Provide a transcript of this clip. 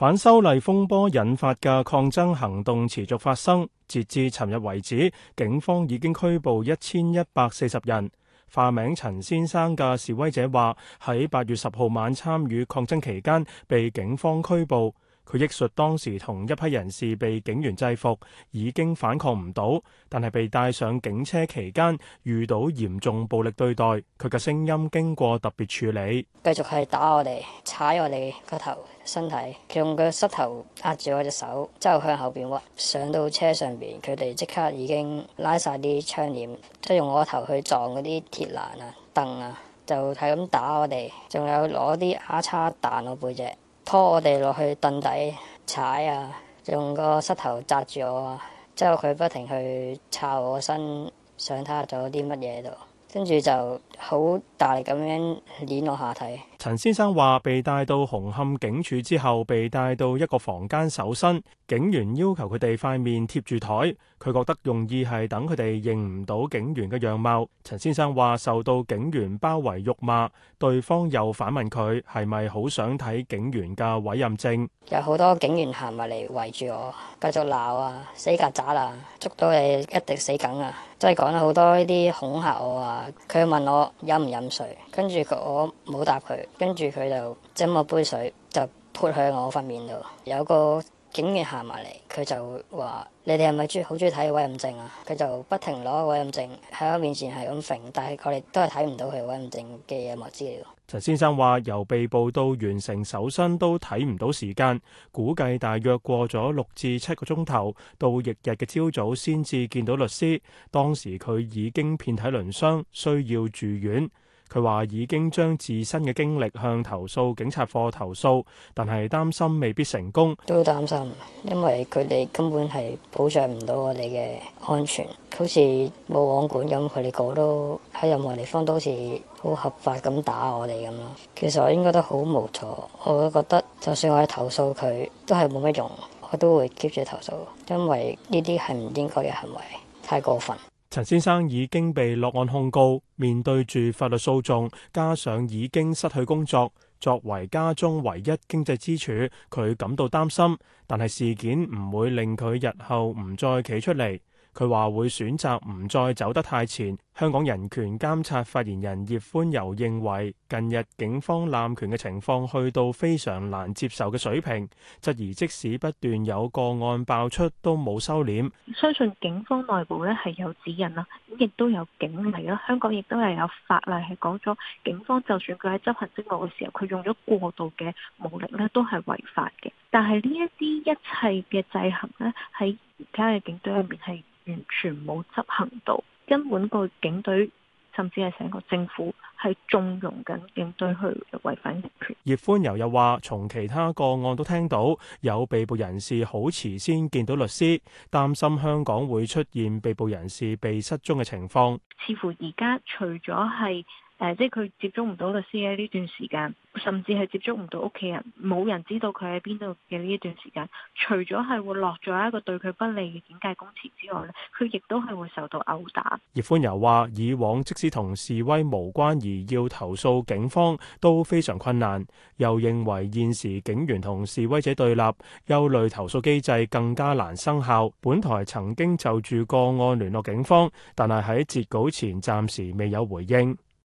反修例風波引發嘅抗爭行動持續發生，截至尋日為止，警方已經拘捕一千一百四十人。化名陳先生嘅示威者話，喺八月十號晚參與抗爭期間，被警方拘捕。佢憶述當時同一批人士被警員制服，已經反抗唔到，但係被帶上警車期間遇到嚴重暴力對待。佢嘅聲音經過特別處理，繼續係打我哋，踩我哋個頭、身體，佢用個膝頭壓住我隻手，之後向後邊屈上到車上邊，佢哋即刻已經拉晒啲窗簾，即係用我個頭去撞嗰啲鐵欄啊、凳啊，就係咁打我哋，仲有攞啲阿叉彈我背脊。拖我哋落去凳底踩啊，用個膝頭扎住我啊，之後佢不停去抄我身上，想睇咗啲乜嘢度，跟住就，好大力咁樣捏我下體。陳先生話被帶到紅磡警署之後，被帶到一個房間搜身，警員要求佢哋塊面貼住台，佢覺得用意係等佢哋認唔到警員嘅樣貌。陳先生話受到警員包圍辱罵，對方又反問佢係咪好想睇警員嘅委任證？有好多警員行埋嚟圍住我，繼續鬧啊！死曱甴啦！捉到你一定死梗啊！即係講咗好多呢啲恐嚇我啊！佢問我。飲唔飲水？跟住佢。我冇答佢，跟住佢就整咗杯水就潑向我塊面度，有個，警員行埋嚟，佢就話：你哋係咪好中意睇委任證啊？佢就不停攞委任證喺我面前係咁揈，但係佢哋都係睇唔到佢委任證嘅任何資料。陳先生話由被捕到完成搜身都睇唔到時間，估計大約過咗六至七個鐘頭，到翌日嘅朝早先至見到律師。當時佢已經遍體鱗傷，需要住院。佢話已經將自身嘅經歷向投訴警察課投訴，但係擔心未必成功。都擔心，因為佢哋根本係保障唔到我哋嘅安全，好似冇網管咁，佢哋講都喺任何地方都好似好合法咁打我哋咁咯。其實我應該都好無助，我覺得就算我去投訴佢，都係冇乜用，我都會 keep 住投訴，因為呢啲係唔應該嘅行為，太過分。陳先生已經被落案控告，面對住法律訴訟，加上已經失去工作，作為家中唯一經濟支柱，佢感到擔心。但係事件唔會令佢日後唔再企出嚟，佢話會選擇唔再走得太前。香港人權監察發言人葉歡柔認為，近日警方濫權嘅情況去到非常難接受嘅水平，質疑即使不斷有個案爆出，都冇收斂。相信警方內部咧係有指引啦，咁亦都有警例啦。香港亦都係有法例係講咗，警方就算佢喺執行職務嘅時候，佢用咗過度嘅武力咧，都係違法嘅。但係呢一啲一切嘅制衡咧，喺而家嘅警隊入面係完全冇執行到，根本個警隊甚至係成個政府係縱容緊警隊去違反人權。葉歡柔又話，從其他個案都聽到有被捕人士好遲先見到律師，擔心香港會出現被捕人士被失蹤嘅情況。似乎而家除咗係。誒，即係佢接觸唔到律師喺呢段時間，甚至係接觸唔到屋企人，冇人知道佢喺邊度嘅呢一段時間，除咗係會落咗一個對佢不利嘅警誡供詞之外咧，佢亦都係會受到毆打。葉寬柔話：以往即使同示威無關而要投訴警方都非常困難，又認為現時警員同示威者對立，憂慮投訴機制更加難生效。本台曾經就住個案聯絡警方，但係喺截稿前暫時未有回應。